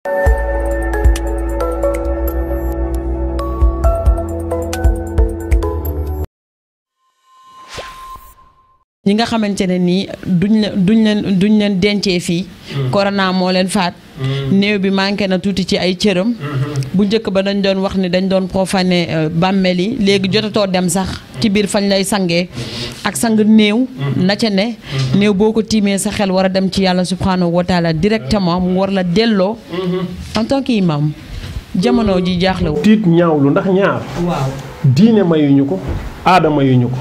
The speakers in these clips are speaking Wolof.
ñi nga xamante ne nii duñ la duñ leen duñ leen dencee fii mm-hmm. corona moo leen faat mm-hmm. néew bi manqué na tuuti ci ay cëram mm-hmm. bu njëkk ba dañ doon wax ni dañ doon profané euh, bàmmeel yi léegi jotatoo dem sax ci biir fañ lay sange ak sang néew mhm. na ca ne mhm. néew boo ko tiimee sa xel war a dem ci yàlla subhanahu wa taala directement mu war la delloo mhm. en tant que imam jamono ji jaaxle wu tiit ñaawlu ndax ñaar waaw diine mayuñu ko aada mayuñu ko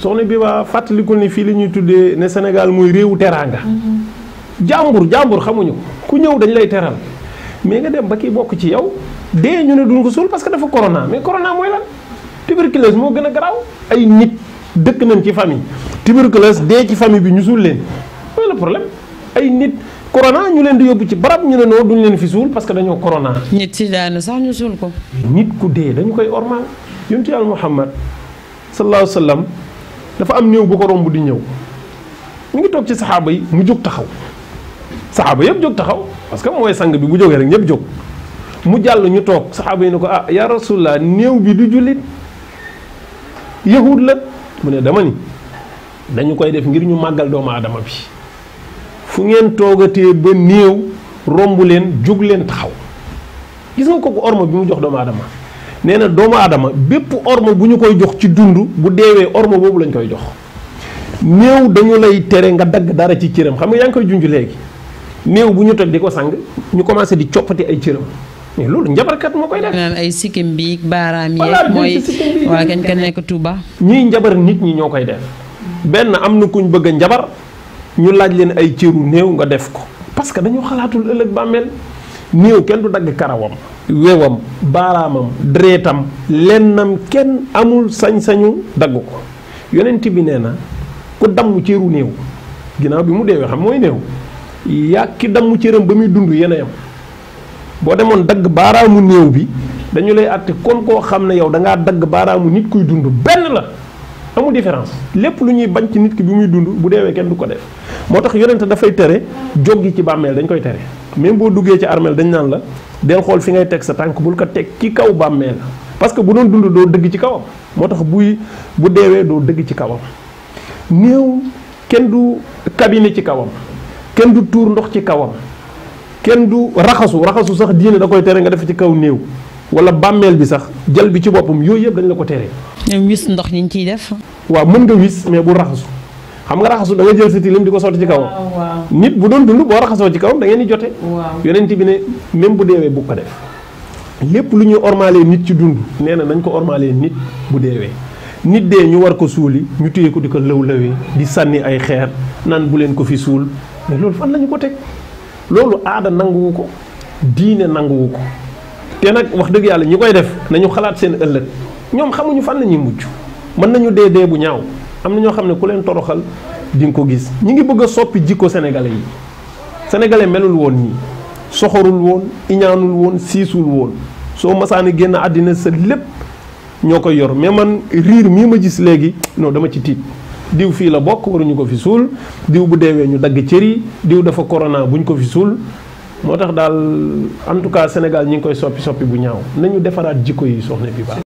soxna bi ba fàttalikul ni fii li ñuy tuddee ne Sénégal muy réewu teraanga jàmbur jàmbur xamuñu ku ñëw dañ lay teral mais nga dem ba kii bokk ci yow dee ñu ne duñ ko suul parce dafa corona mais corona mooy lan tuberculose moo gën a garaaw ay nit dëkk nañ ci famille tuberculose dee ci famille bi ñu suul leen mooy le problème ay nit corona ñu leen di yóbbu ci barab ñu ne noo duñ leen fi suul parce que dañoo korona nit si daanu sax ñu suul ko. nit ku dee dañu koy ormaal yonent Yàlla Muhammad sallallahu alayhi wa sallam dafa am néew bu ko romb di ñëw ñu ngi toog ci saxaaba yi mu jóg taxaw saxaaba yëpp jóg taxaw parce que mooy sang bi mu jógee rek ñëpp jóg mu jàll ñu toog saxaaba yi ne ko ah yaa rasulallah néew bi du jullit. yahud la mu ne dama ni dañu koy def ngir ñu màggal doomu aadama bi fu ngeen toogatee ba néew romb leen jóg leen taxaw gis nga kooku orma bi mu jox doomu aadama nee na doomu aadama bépp orma bu ñu koy jox ci dund bu deewee orma boobu lañ koy jox néew dañu lay tere nga dagg dara ci cëram xam nga yaa ngi koy junj léegi néew bu ñu toj di ko sang ñu commencé di coppati ay cëram loolu njabarkat moo koy def. ay sikkim bi baaraam yeeg. mooy waa kenn ka nekk Touba. njabar nit ñi ñoo koy def benn am na kuñ bëgg njabar ñu laaj leen ay cëru néew nga def ko parce que dañoo xalaatul ëllëg bàmmeel néew kenn du dagg karawam. wewam baaraamam dreetam lennam kenn amul sañ-sañu dagg ko yonent bi nee na ku damm cëru néew ginnaaw bi mu deewee xam mooy néew yaa ki damm cëram ba muy dund yéen a boo demoon dagg baaraamu néew bi dañu lay àtte kon koo xam ne yow da ngaa dagg baaraamu nit kuy dund benn la amul différence lépp lu ñuy bañ ci nit ki bi muy dund bu deewee kenn du ko def moo tax yonent dafay tere joggi ci bàmmeel dañ koy tere même boo duggee ci armeel dañ naan la del xool fi ngay teg sa tànk bul ko teg ci kaw bàmmeel parce que bu doon dund doo dëgg ci kawam moo tax buy bu deewee doo dëgg ci kawam néew kenn du kabine ci kawam kenn du tuur ndox ci kawam kenn du raxasu raxasu sax diine da koy tere nga def ci kaw néew wala bàmmeel bi sax jël bi ci boppam yooyu yëpp dañu la ko teree. ñoom wis ndox ñu ciy def. waaw mën nga wis mais bu raxasu xam nga raxasu da nga jël sa tilim di ko sotti ci kaw nit bu doon dund boo raxasoo ci kawam da ngeen di jote. yonent bi ne même bu deewee bu ko def. lépp lu ñuy ormaalee nit ci dund nee na nañ ko ormaalee nit bu deewee nit dee ñu war ko suuli ñu téye ko di ko lëw lëwee di sànni ay xeer naan bu leen ko fi suul mais ko teg. loolu aada nanguwu ko diine nanguwu ko te nag wax dëgg yàlla ñi koy def nañu xalaat seen ëllëg ñoom xamuñu fan la ñuy mujj mën nañu dee dee bu ñaaw am na ñoo xam ne ku leen toroxal di ko gis ñi ngi bëgg a soppi jikko sénégalais yi sénégalais melul woon nii soxorul woon iñaanul woon siisul woon soo masaani génn àddina sa lépp ñoo ko yor mais man riir mii ma gis léegi non dama ci tiit diw fii la bokk waruñu ko fi suul diw bu deewee ñu dagg cër yi diw dafa bu ñu ko fi suul moo tax daal en tout cas Sénégal ñi ngi koy soppi soppi bu ñaaw nañu defaraat jikko yi soxna bi baax